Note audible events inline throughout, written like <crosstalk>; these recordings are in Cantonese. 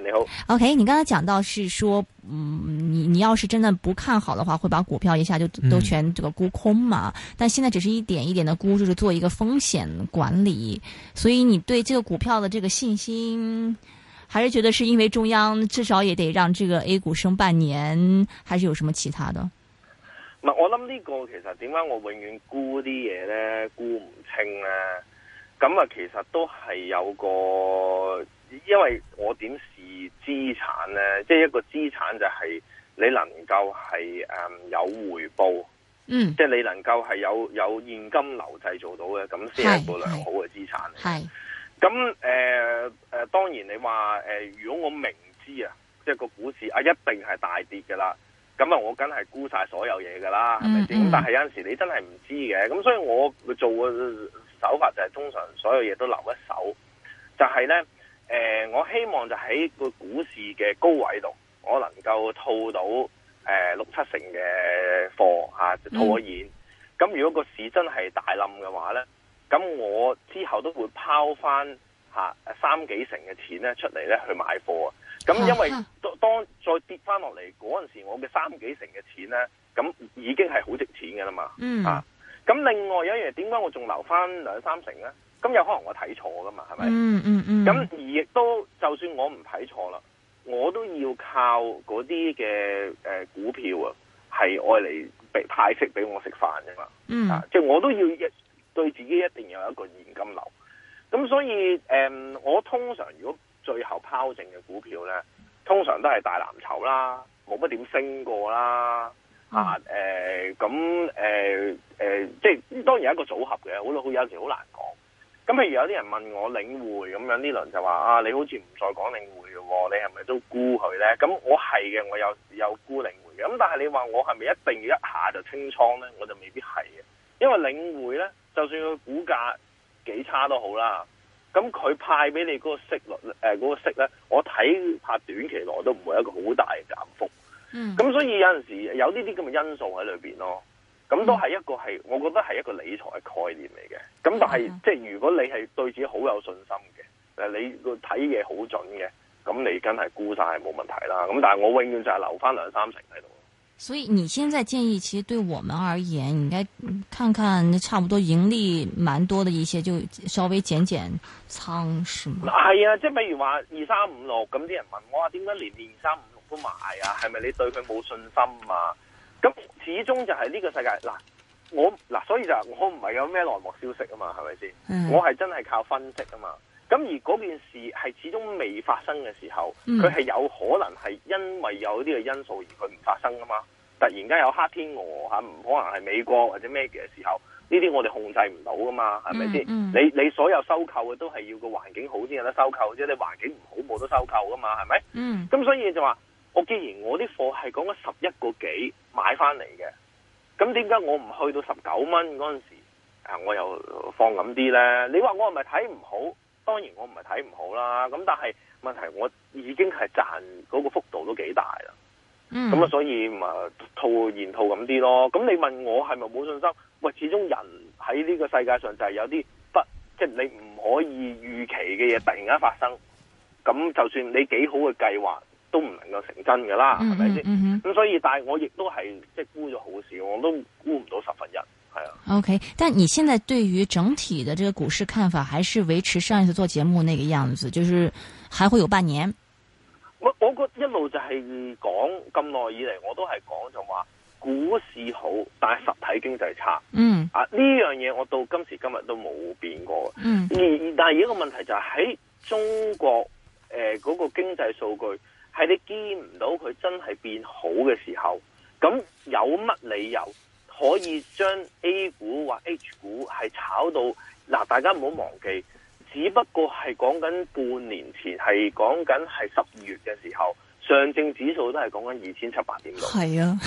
你好。OK，你剛才講到是說，嗯，你你要是真的不看好的話，會把股票一下就都全這個沽空嘛？但現在只是一點一點的沽，就是做一個風險管理。所以你對這個股票的這個信心，還是覺得是因為中央至少也得讓這個 A 股升半年，還是有什麼其他的？我諗呢個其實點解我永遠沽啲嘢呢？沽唔清啊。咁啊，其實都係有個。因為我點視資產咧，即係一個資產就係你能夠係誒有回報，嗯，即係你能夠係有有現金流製造到嘅，咁先係一個良好嘅資產嚟。咁誒誒，當然你話誒，如果我明知啊，即係個股市啊一定係大跌噶啦，咁啊我梗係沽晒所有嘢噶啦，係咪先？但係有陣時你真係唔知嘅，咁所以我做嘅手法就係通常所有嘢都留一手，就係咧。誒、呃，我希望就喺個股市嘅高位度，我能夠套到誒、呃、六七成嘅貨吓就套咗現。咁、啊嗯、如果個市真係大冧嘅話咧，咁我之後都會拋翻吓三幾成嘅錢咧出嚟咧去買貨啊。咁因為當當再跌翻落嚟嗰陣時，我嘅三幾成嘅錢咧，咁已經係好值錢嘅啦嘛。嗯、啊、咁另外有一樣，點解我仲留翻兩三成咧？咁有可能我睇錯㗎嘛，係咪？嗯嗯嗯。咁、嗯、而亦都，就算我唔睇錯啦，我都要靠嗰啲嘅股票啊，係愛嚟派息俾我食飯啫嘛、嗯。啊，即係我都要一對自己一定有一個現金流。咁所以誒、嗯，我通常如果最後拋剩嘅股票咧，通常都係大藍籌啦，冇乜點升過啦。嗯、啊咁誒、呃呃呃、即係當然有一個組合嘅，好啦，佢有時好難講。咁譬如有啲人問我領匯，咁樣呢輪就話啊，你好似唔再講領匯嘅喎，你係咪都沽佢咧？咁我係嘅，我有有沽領匯嘅。咁但係你話我係咪一定要一下就清倉咧？我就未必係嘅，因為領匯咧，就算佢股價幾差都好啦，咁佢派俾你嗰個息率嗰、呃嗰個息咧，我睇怕短期內都唔會一個好大嘅減幅。嗯，咁所以有陣時有呢啲咁嘅因素喺裏邊咯。咁、嗯、都係一個係，我覺得係一個理財嘅概念嚟嘅。咁但係、啊、即係如果你係對自己好有信心嘅，誒你個睇嘢好準嘅，咁你梗係沽晒係冇問題啦。咁但係我永遠就係留翻兩三成喺度。所以你現在建議，其實對我們而言，你應該看看差不多盈利蠻多的一些，就稍微減減倉，是嗎？係啊，即係比如話二三五六，咁啲人問我啊點解連二三五六都賣啊？係咪你對佢冇信心啊？咁始終就係呢個世界嗱，我嗱，所以就係我唔係有咩內幕消息啊嘛，係咪先？Mm. 我係真係靠分析啊嘛。咁而嗰件事係始終未發生嘅時候，佢、mm. 係有可能係因為有呢個因素而佢唔發生噶嘛。突然間有黑天鵝吓，唔、啊、可能係美國或者咩嘅時候，呢啲我哋控制唔到噶嘛，係咪先？Mm. 你你所有收購嘅都係要個環境好先有得收購，即係你環境唔好冇得收購噶嘛，係咪？咁、mm. 所以就話。我既然我啲貨係講緊十一個幾買翻嚟嘅，咁點解我唔去到十九蚊嗰陣時啊，我又放咁啲呢？你話我係咪睇唔好？當然我唔係睇唔好啦。咁但係問題我已經係賺嗰個幅度都幾大啦。咁、嗯、啊，所以咪套現套咁啲咯。咁你問我係咪冇信心？喂，始終人喺呢個世界上就係有啲不即係、就是、你唔可以預期嘅嘢突然間發生。咁就算你幾好嘅計劃。都唔能夠成真噶啦，係咪先？咁、嗯嗯、所以，但係我亦都係即係估咗好少，我都估唔到十分一，係啊。OK，但係你現在對於整體的這個股市看法，還是維持上一次做節目那個樣子，就是還會有半年。我一路就係講咁耐以嚟，我，是我都係講就話股市好，但係實體經濟差。嗯啊，呢樣嘢我到今時今日都冇變過。嗯，而但係一個問題就係、是、喺中國誒嗰、呃嗰個經濟數據。係你見唔到佢真係變好嘅時候，咁有乜理由可以將 A 股或 H 股係炒到？嗱、啊，大家唔好忘記，只不過係講緊半年前，係講緊係十二月嘅時候，上證指數都係講緊二千七百點度。係啊，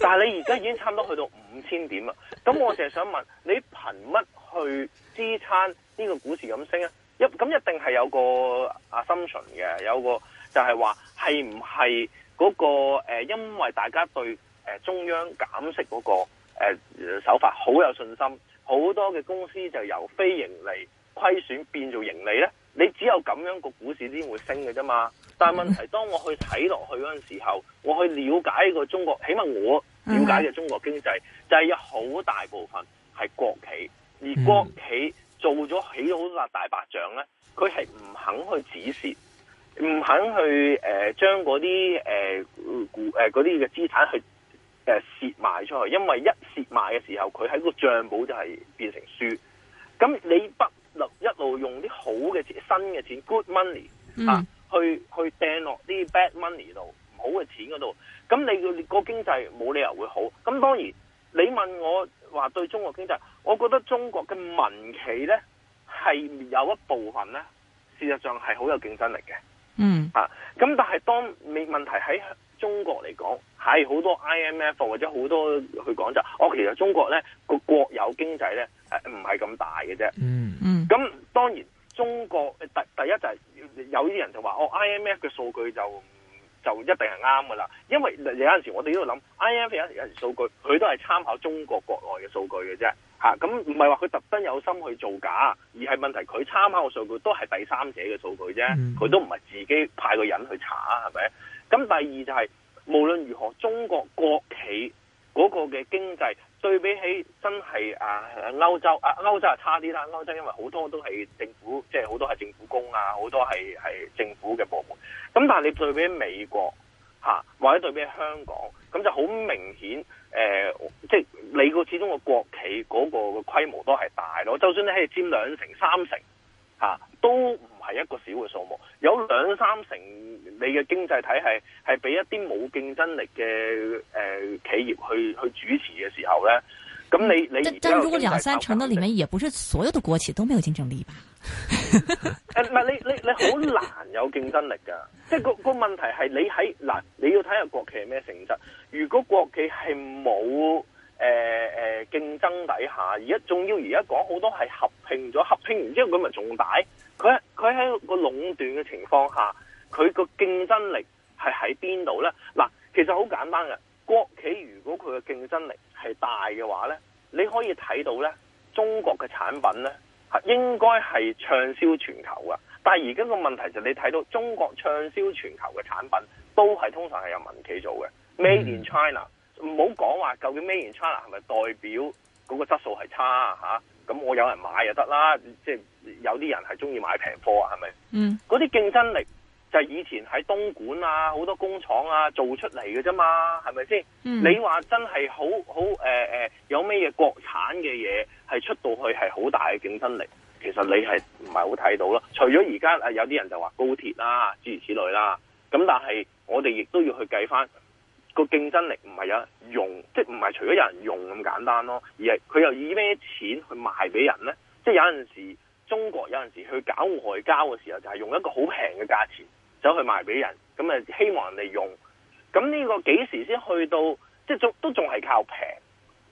但係你而家已經差唔多去到五千點啦。咁我成日想問，你憑乜去支撐呢個股市咁升啊？一咁一定係有個 assumption 嘅，有個。就係話係唔係嗰個誒、呃，因為大家對誒、呃、中央減息嗰、那個誒、呃、手法好有信心，好多嘅公司就由非盈利虧損變做盈利呢，你只有咁樣，個股市先會升嘅啫嘛。但係問題，當我去睇落去嗰陣時候，我去了解個中國，起碼我了解嘅中國經濟就係、是、有好大部分係國企，而國企做咗起好大大白象呢，佢係唔肯去指示。唔肯去誒、呃、將嗰啲誒嗰啲嘅資產去誒蝕、呃、賣出去，因為一蝕賣嘅時候，佢喺個帳簿就係變成輸。咁你不能一路用啲好嘅錢、新嘅錢、good money、啊嗯、去去掟落啲 bad money 度、唔好嘅錢嗰度，咁你個經濟冇理由會好。咁當然你問我話對中國經濟，我覺得中國嘅民企呢係有一部分呢，事實上係好有競爭力嘅。嗯，吓、啊，咁但係當未問題喺中國嚟講，係好多 IMF 或者好多去講就是，我、哦、其實中國咧個國有經濟咧，唔係咁大嘅啫。嗯嗯，咁、嗯、當然中國第第一就係、是、有啲人就話，我、哦、IMF 嘅數據就就一定係啱噶啦，因為有陣時我哋都度諗 IMF 有陣時數據佢都係參考中國國內嘅數據嘅啫。吓，咁唔係話佢特登有心去造假，而係問題佢參考嘅數據都係第三者嘅數據啫，佢都唔係自己派個人去查啊，係咪？咁第二就係，無論如何，中國國企嗰個嘅經濟對比起真係啊歐洲啊歐洲係差啲啦，歐洲因為好多都係政府，即係好多係政府工啊，好多係係政府嘅部門。咁但係你對比起美國吓，啊，或者對比香港，咁就好明顯。誒、呃，即係你個始終個國企嗰個嘅規模都係大咯，就算你係佔兩成三成，嚇、啊、都唔係一個小嘅數目。有兩三成你嘅經濟體系係俾一啲冇競爭力嘅誒、呃、企業去去主持嘅時候咧，咁你你，嗯、你但如果兩三成嘅裡面，也不是所有的國企都沒有競爭力吧？誒， <laughs> 唔係你你你好難有競爭力噶即係個個問題係你喺。嗱，你要睇下國企係咩性質。如果國企係冇誒誒競爭底下，而家仲要而家講好多係合併咗，合併完之後咁咪仲大？佢佢喺個壟斷嘅情況下，佢個競爭力係喺邊度咧？嗱，其實好簡單噶國企如果佢嘅競爭力係大嘅話咧，你可以睇到咧，中國嘅產品咧。係應該係暢銷全球㗎，但係而家個問題就係你睇到中國暢銷全球嘅產品都係，都係通常係由民企做嘅、mm.，Made in China。唔好講話究竟 Made in China 係咪代表嗰個質素係差嚇？咁、啊、我有人買就得啦，即係有啲人係中意買平貨啊，係咪？嗯，嗰啲競爭力。就以前喺東莞啊，好多工廠啊做出嚟嘅啫嘛，係咪先？你話真係好好誒誒、呃，有咩嘢國產嘅嘢係出到去係好大嘅競爭力？其實你係唔係好睇到咯？除咗而家啊，有啲人就話高鐵啦，諸如此類啦。咁但係我哋亦都要去計翻、個競爭力，唔係有用，即係唔係除咗有人用咁、就是、簡單咯，而係佢又以咩錢去賣俾人咧？即、就、係、是、有陣時中國有陣時去搞外交嘅時候，就係、是、用一個好平嘅價錢。走去賣俾人，咁希望人哋用，咁呢個幾時先去到？即係仲都仲係靠平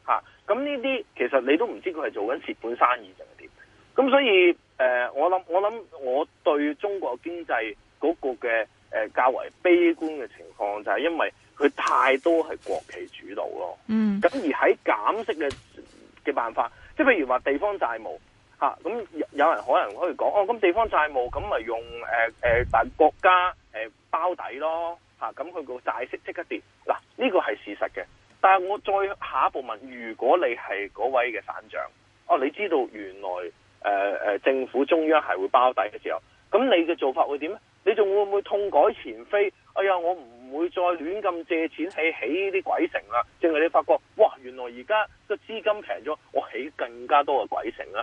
吓，咁呢啲其實你都唔知佢係做緊蝕本生意定係點。咁所以誒、呃，我諗我諗，我對中國經濟嗰個嘅誒、呃、較為悲觀嘅情況，就係因為佢太多係國企主導咯。嗯。咁而喺減息嘅嘅辦法，即係譬如話地方債務。吓、啊、咁有人可能可以講哦，咁地方債務咁咪用誒誒、呃呃、國家誒、呃、包底咯，吓，咁佢個債息即刻跌嗱，呢個係事實嘅，但係我再下一步問，如果你係嗰位嘅省長哦、啊、你知道原來誒誒、呃、政府中央係會包底嘅時候，咁你嘅做法會點咧？你仲會唔會痛改前非，哎呀我唔會再亂咁借錢去起啲鬼城啦？淨係你發覺哇，原來而家個資金平咗，我起更加多嘅鬼城喇。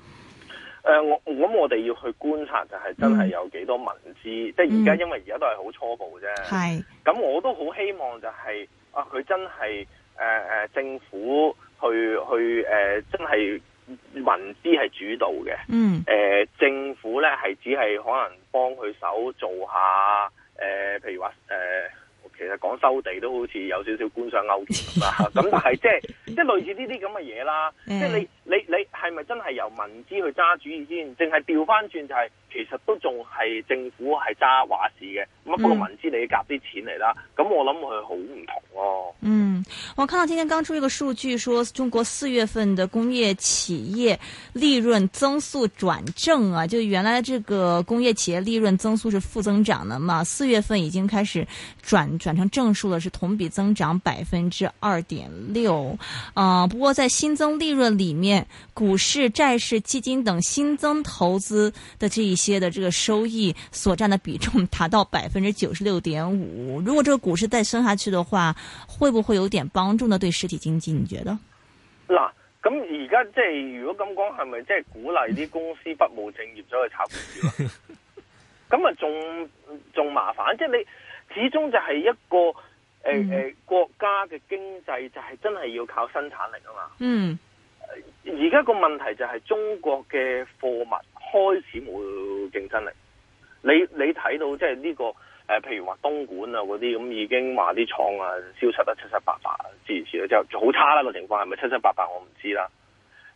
誒、呃，我咁我哋要去觀察就，就係真係有幾多民資。即係而家，因為而家都係好初步啫。係、嗯、咁，我都好希望就係、是、啊，佢真係誒誒，政府去去誒、呃，真係民資係主導嘅。嗯。誒、呃，政府咧係只係可能幫佢手做下誒、呃，譬如話誒、呃，其實講收地都好有點點似有少少官商勾結咁啊。咁 <laughs> 但係是即係 <laughs> 即係類似呢啲咁嘅嘢啦。嗯、即係你你你。你你係咪真係由民資去揸主意先？淨係調翻轉就係、是。其實都仲係政府係揸話事嘅，咁不過文資你要夾啲錢嚟啦。咁、嗯、我諗佢好唔同哦、啊、嗯，我看到今天剛出一個數據，說中國四月份的工業企業利潤增速轉正啊！就原來這個工業企業利潤增速是負增長的嘛，四月份已經開始轉轉成正數了，是同比增長百分之二點六。啊，不過在新增利潤裏面，股市、債市、基金等新增投資的這一。些的這個收益所占的比重達到百分之九十六點五。如果這個股市再升下去的話，會不會有點幫助呢？對實體經濟，你覺得？嗱，咁而家即係如果咁講，係咪即係鼓勵啲公司不務正業走去炒股票？咁 <laughs> 啊， <laughs> 仲仲麻煩，即係你始終就係一個誒誒、嗯呃、國家嘅經濟就係真係要靠生產力啊嘛。嗯。而家個問題就係中國嘅貨物開始冇競爭力，你你睇到即係呢個誒，譬如話東莞啊嗰啲咁，已經話啲廠啊消失得七七八八，似唔似咧？之後就好差啦個情況，係咪七七八八我唔知啦。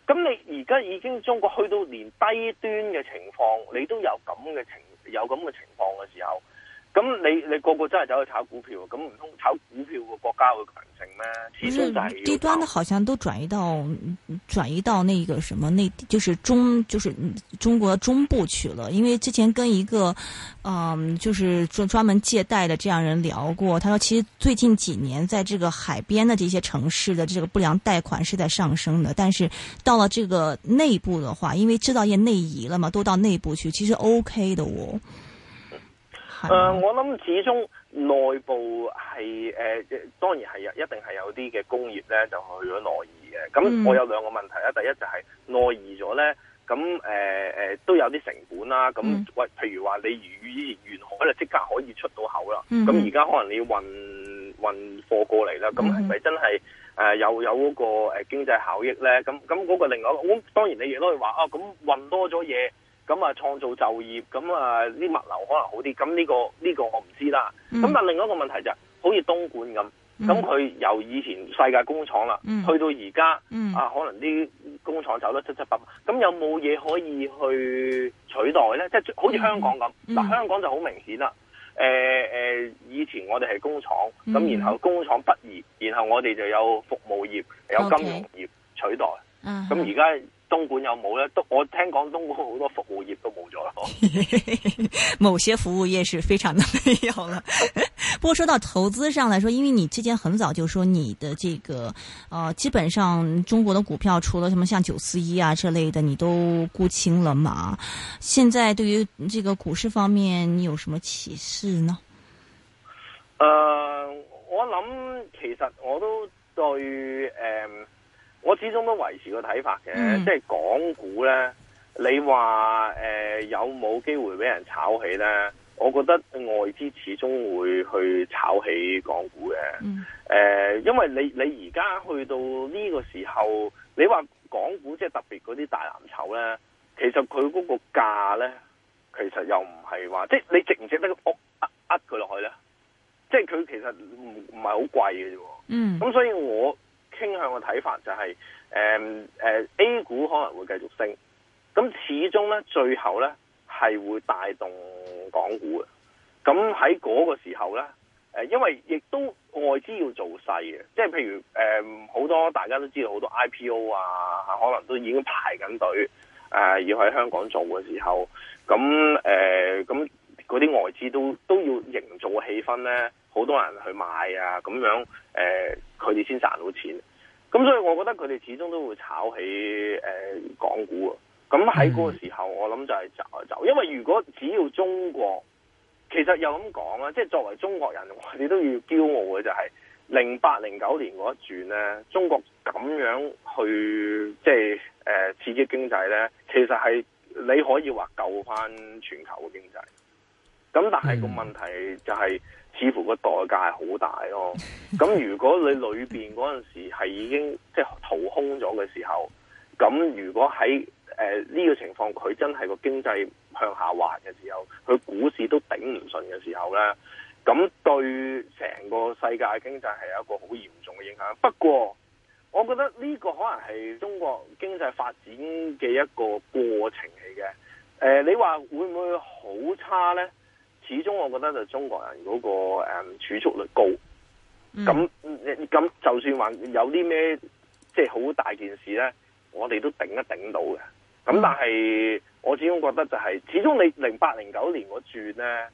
咁你而家已經中國去到連低端嘅情況，你都有咁嘅情況，有咁嘅情況嘅時候。咁你你個個真係走去炒股票，咁唔通炒股票個國家會強盛咩？其實低端的好像都轉移到轉移到那個什麼內地，就是中就是中國中部去了。因為之前跟一個嗯、呃，就是專專門借貸的這樣人聊過，他說其實最近幾年在這個海邊的這些城市的這個不良貸款是在上升的，但是到了這個內部的話，因為製造業內移了嘛，都到內部去，其實 OK 的哦。誒、呃，我諗始終內部係誒、呃，當然係有，一定係有啲嘅工業咧，就去咗內移嘅。咁我有兩個問題啦，mm -hmm. 第一就係、係、內移咗咧，咁、呃、誒、呃、都有啲成本啦。咁喂，mm -hmm. 譬如話你如於沿海咧，即刻可以出到口啦。咁而家可能你運運貨貨過嚟啦，咁係咪真係誒有、mm -hmm. 有嗰個誒經濟效益咧？咁咁嗰個另外，當然你亦都可以話啊，咁運多咗嘢。咁、嗯、啊，創造就業，咁、嗯、啊，啲物流可能好啲，咁呢、呢個呢、呢個我唔知啦。咁、嗯、但係另一個問題就係、好似東莞咁，咁、嗯、佢由以前世界工廠啦、嗯，去到而家、嗯，啊，可能啲工廠走得七七八八，咁有冇嘢可以去取代咧？即、嗯係、好似香港咁，嗱、嗯啊，香港就好明顯啦。誒、呃呃、以前我哋係工廠，咁、嗯、然後工廠北移，然後我哋就有服務業、嗯、有金融業取代。咁而家。東莞又有冇咧？都我聽講東莞好多服務業都冇咗咯。 <laughs> 某些服務業是非常的沒有了 <laughs> 不過說到投資上來說，因為你之前很早就說你的這個，呃，基本上中國的股票除了什麼像九四一啊這類的，你都沽清了嘛。現在對於這個股市方面，你有什麼啟示呢？呃，我諗其實我都對誒。呃我始終都維持個睇法嘅，嗯，即係港股咧，你話誒、呃、有冇機會俾人炒起咧？我覺得外資始終會去炒起港股嘅，誒、嗯呃，因為你你而家去到呢個時候，你話港股即係特別嗰啲大藍籌咧，其實佢嗰個價咧，其實又唔係話即係你值唔值得屋呃呃佢落去咧？即係佢其實唔唔係好貴嘅啫，嗯，咁所以我。傾向嘅睇法就係、是，誒、嗯、誒、嗯、A 股可能會繼續升，咁始終咧，最後咧係會帶動港股嘅。咁喺嗰個時候咧，誒因為亦都外資要做勢嘅，即、就、係、是、譬如誒好、嗯、多大家都知道好多 IPO 啊，可能都已經排緊隊，誒、呃、要喺香港做嘅時候，咁誒咁。呃嗰啲外資都都要營造氣氛咧，好多人去買啊，咁樣誒，佢哋先賺到錢。咁所以，我覺得佢哋始終都會炒起誒港股啊。咁喺嗰個時候，我諗就係走走，因為如果只要中國，其實又咁講啦，即係作為中國人，我哋都要驕傲嘅就係零八零九年嗰一轉咧，中國咁樣去即係誒刺激經濟咧，其實係你可以話救翻全球嘅經濟。咁但係個問題就係、是，似乎個代價係好大咯。咁如果你裏邊嗰陣時係已經即係掏空咗嘅時候，咁如果喺誒呢個情況，佢真係個經濟向下滑嘅時候，佢股市都頂唔順嘅時候咧，咁對成個世界經濟係有一個好嚴重嘅影響。不過，我覺得呢個可能係中國經濟發展嘅一個過程嚟嘅。誒、呃，你話會唔會好差咧？始終我覺得就中國人嗰、那個誒、嗯、儲蓄率高，咁、嗯、咁就算話有啲咩即係好大件事咧，我哋都頂一頂到嘅。咁、嗯、但係我始終覺得就係、是，始終你零八零九年嗰轉咧，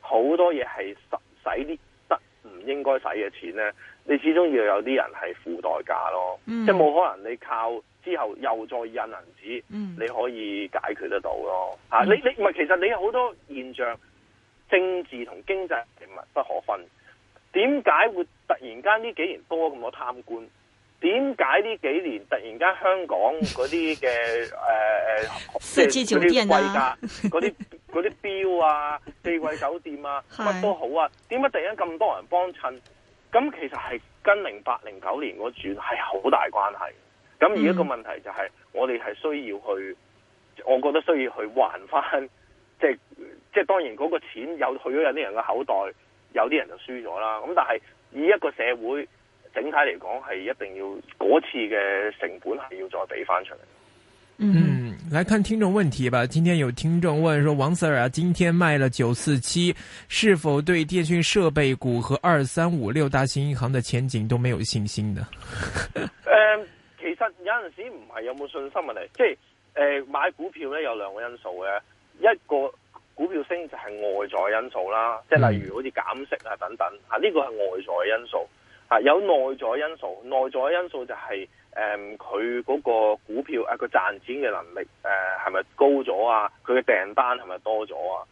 好多嘢係使使啲得唔應該使嘅錢咧，你始終要有啲人係付代價咯。嗯、即係冇可能你靠之後又再印銀紙，嗯、你可以解決得到咯。吓、嗯、你你唔係，其實你有好多現象。政治同經濟係密不可分，點解會突然間呢幾年多咁多貪官？點解呢幾年突然間香港嗰啲嘅誒誒，即係嗰啲貴價、嗰啲啲錶啊、四季酒店啊，乜 <laughs> 都好啊？點解突然間咁多人幫襯？咁其實係跟零八零九年嗰轉係好大關係的。咁而家個問題就係，我哋係需要去， <laughs> 我覺得需要去還翻。即係即係當然嗰個錢有去咗，有啲人嘅口袋，有啲人就輸咗啦。咁但係以一個社會整體嚟講，係一定要嗰次嘅成本係要再俾翻出嚟。嗯，來看聽眾問題吧。今天有聽眾問說，王 Sir 啊，今天賣了九四七，是否對電訊設備股和二三五六大新銀行的前景都沒有信心呢？ <laughs> 嗯、其實有陣時唔係有冇信心問題，即係、呃、買股票呢，有兩個因素嘅。一個股票升就係外在因素啦，即係例如好似減息啊等等，吓呢個係外在因素。吓有內在因素，內在因素就係誒佢嗰個股票啊，佢賺錢嘅能力誒係咪高咗啊？佢嘅訂單係咪多咗啊？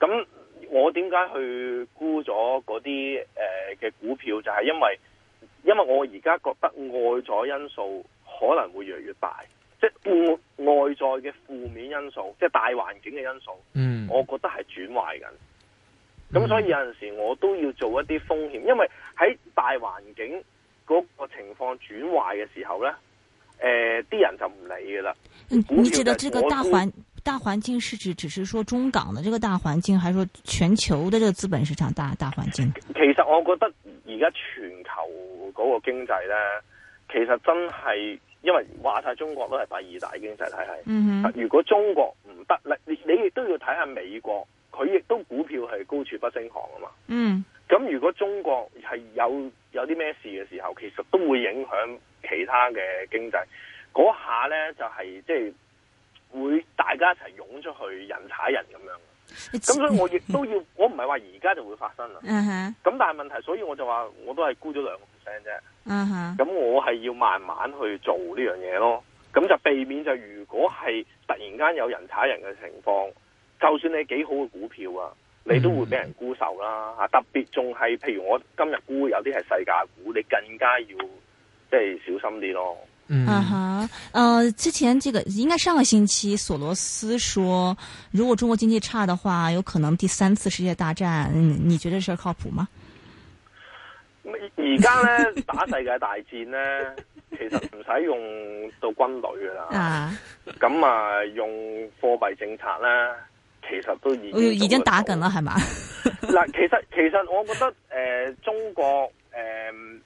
咁我點解去沽咗嗰啲誒嘅股票？就係因為因為我而家覺得外在因素可能會越嚟越大。嘅負面因素，即係大環境嘅因素、嗯，我覺得係轉壞緊。咁、嗯、所以有陣時我都要做一啲風險，因為喺大環境嗰個情況轉壞嘅時候咧，誒、呃，啲人就唔理噶啦、嗯。你覺得這個大環大環境是指，只是說中港的這個大環境，還是說全球的這個資本市場大大環境？其實我覺得而家全球嗰個經濟咧，其實真係。因為話晒中國都係第二大經濟體系，mm -hmm. 如果中國唔得，你你亦都要睇下美國，佢亦都股票係高處不勝寒啊嘛。咁、mm -hmm. 如果中國係有有啲咩事嘅時候，其實都會影響其他嘅經濟。嗰下咧就係即係會大家一齊湧出去人踩人咁樣。咁所以我亦都要，我唔係話而家就會發生啦。咁、mm -hmm. 但係問題，所以我就話我都係沽咗兩。啫，咁我係要慢慢去做呢樣嘢咯，咁就避免就如果係突然間有人踩人嘅情況，就算你幾好嘅股票啊，你都會俾人沽售啦，吓、uh -huh. 特別仲係譬如我今日沽有啲係世界股，你更加要即係、就是、小心啲咯。嗯、uh -huh. uh, 之前這個應該上個星期索羅斯說，如果中國經濟差的話，有可能第三次世界大戰，你，你覺得事靠譜嗎？而家咧打世界大戰咧， <laughs> 其實唔使用，用到軍隊噶啦，咁啊，啊用貨幣政策咧，其實都已經已經打緊啦，係嘛？嗱， <laughs> 其實其實我覺得誒、呃、中國誒。呃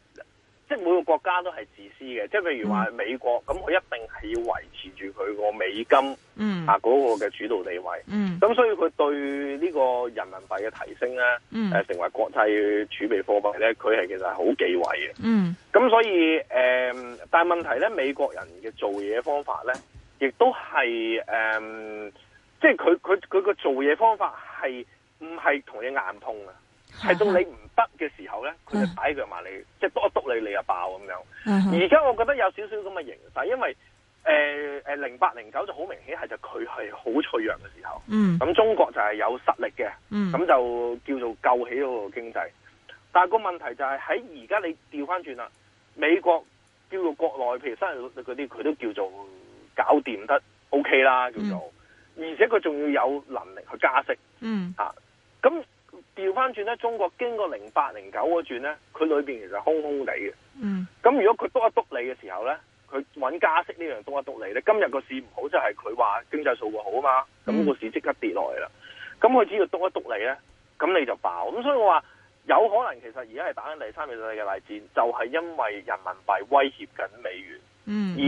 即係每個國家都係自私嘅，即係譬如話美國咁，佢一定係要維持住佢個美金啊嗰個嘅主導地位。咁、嗯嗯、所以佢對呢個人民幣嘅提升咧，誒、嗯、成為國際儲備貨幣咧，佢係其實係好忌諱嘅。咁、嗯、所以誒、嗯，但係問題咧，美國人嘅做嘢方法咧，亦都係誒，即係佢佢佢個做嘢方法係唔係同你硬碰啊，係到你唔。得嘅時候咧，佢就踩腳埋你，即係督一督你，你就爆咁樣。而、嗯、家我覺得有少少咁嘅形勢，因為誒誒零八零九就好明顯係就佢係好脆弱嘅時候。嗯，咁中國就係有實力嘅。咁、嗯、就叫做救起嗰個經濟。但係個問題就係喺而家你調翻轉啦，美國叫做國內譬如失業率嗰啲，佢都叫做搞掂得 OK 啦、嗯，叫做，而且佢仲要有能力去加息。嗯，吓、啊、咁。調翻轉咧，中國經過零八零九嗰轉咧，佢裏邊其實是空空地嘅。嗯，咁如果佢篤一篤你嘅時候咧，佢揾加息呢樣東一篤你咧，今日、就是那個市唔好就係佢話經濟數據好啊嘛，咁個市即刻跌落嚟啦。咁、嗯、佢只要篤一篤你咧，咁你就爆。咁所以我話有可能其實而家係打緊第三比例嘅大戰，就係、是、因為人民幣威脅緊美元。嗯，而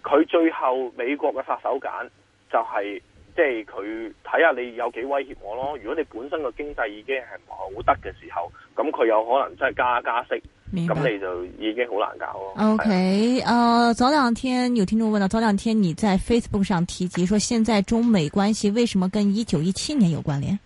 佢最後美國嘅殺手鐧就係、是。即係佢睇下你有幾威脅我咯。如果你本身個經濟已經係唔好得嘅時候，咁佢有可能真係加加息，咁你就已經好難搞咯。OK，誒、嗯，早、呃、兩天有聽眾問到，早兩天你在 Facebook 上提及說，現在中美關係為什麼跟一九一七年有關聯？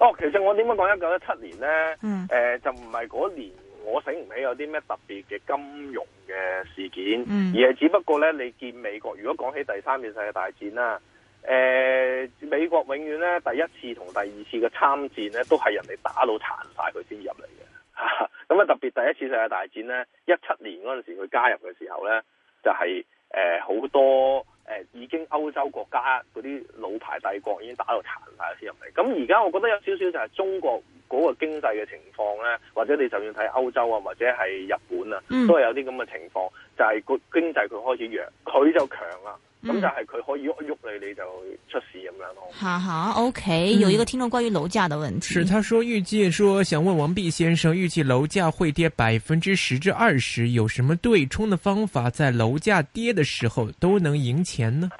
哦，其實我點樣講一九一七年呢，嗯，誒、呃，就唔係嗰年我醒唔起有啲咩特別嘅金融嘅事件，嗯、而係只不過咧，你見美國如果講起第三次世界大戰啦。誒、呃，美國永遠咧第一次同第二次嘅參戰咧，都係人哋打到殘晒佢先入嚟嘅。咁啊，特別第一次世界大戰咧，一七年嗰陣時佢加入嘅時候咧，就係誒好多誒、呃、已經歐洲國家嗰啲老牌帝國已經打到殘晒先入嚟。咁而家我覺得有少少就係中國嗰個經濟嘅情況咧，或者你就算睇歐洲啊，或者係日本啊，都係有啲咁嘅情況，就係、是、個經濟佢開始弱，佢就強啦。咁、嗯、就係佢可以喐喐你，你就出事咁樣咯。好好，OK，有一個聽眾關於樓價的問題。是，他說預計說，想問王弼先生，預計樓價會跌百分之十至二十，有什麼對沖的方法，在樓價跌的時候都能贏錢呢？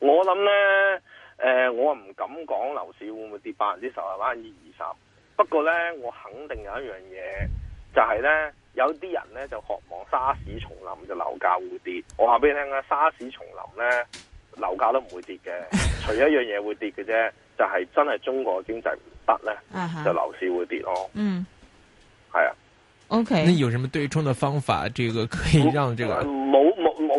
我諗呢，誒、呃，我唔敢講樓市會唔會跌百分之十啊，百分之二十。不過呢，我肯定有一樣嘢。就係咧，有啲人咧就渴望沙士重臨就樓價會跌，我話俾你聽咧。沙士重臨咧，樓價都唔會跌嘅，除一樣嘢會跌嘅啫，就係真係中國經濟唔得咧，就樓市會跌咯。嗯，係啊。OK。那有什麼對沖的方法？這個可以讓這個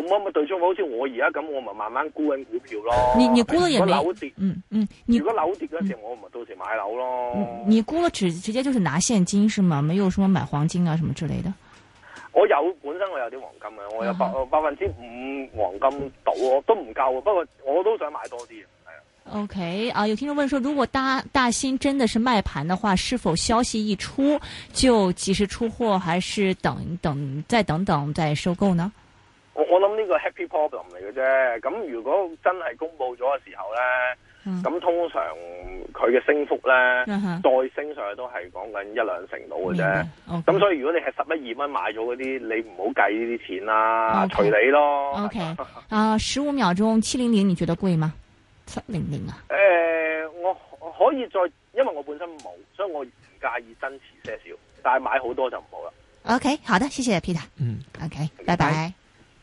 冇乜乜對沖好似我而家咁，我咪慢慢沽緊股票咯。你你沽咗有咩？如果樓跌，嗯嗯，如果樓跌嗰時，我咪到時買樓咯。你，你估沽咗直接就是拿現金是嗎？沒有說買黃金啊什麼之類的？我有本身我有啲黃金嘅，我有百百分之五黃金度，啊，都唔夠，不過我都想買多啲。係啊。OK 啊，有聽眾問說，如果大大新真的是賣盤的話，是否消息一出就及時出貨，還是等等再等等再收購呢？我我諗呢個 happy problem 嚟嘅啫。咁如果真係公布咗嘅時候咧，咁、嗯、通常佢嘅升幅咧再、嗯、升上去都係講緊一兩成到嘅啫。咁所以如果你係十一二蚊買咗嗰啲，你唔好計呢啲錢啦，okay, 隨你咯。啊，十五秒鐘七零零，你覺得貴嗎？七零零啊？誒、呃，我可以再，因為我本身冇，所以我唔介意增持些少，但係買好多就唔好啦。OK，好的，謝謝 Peter。嗯，OK，拜拜。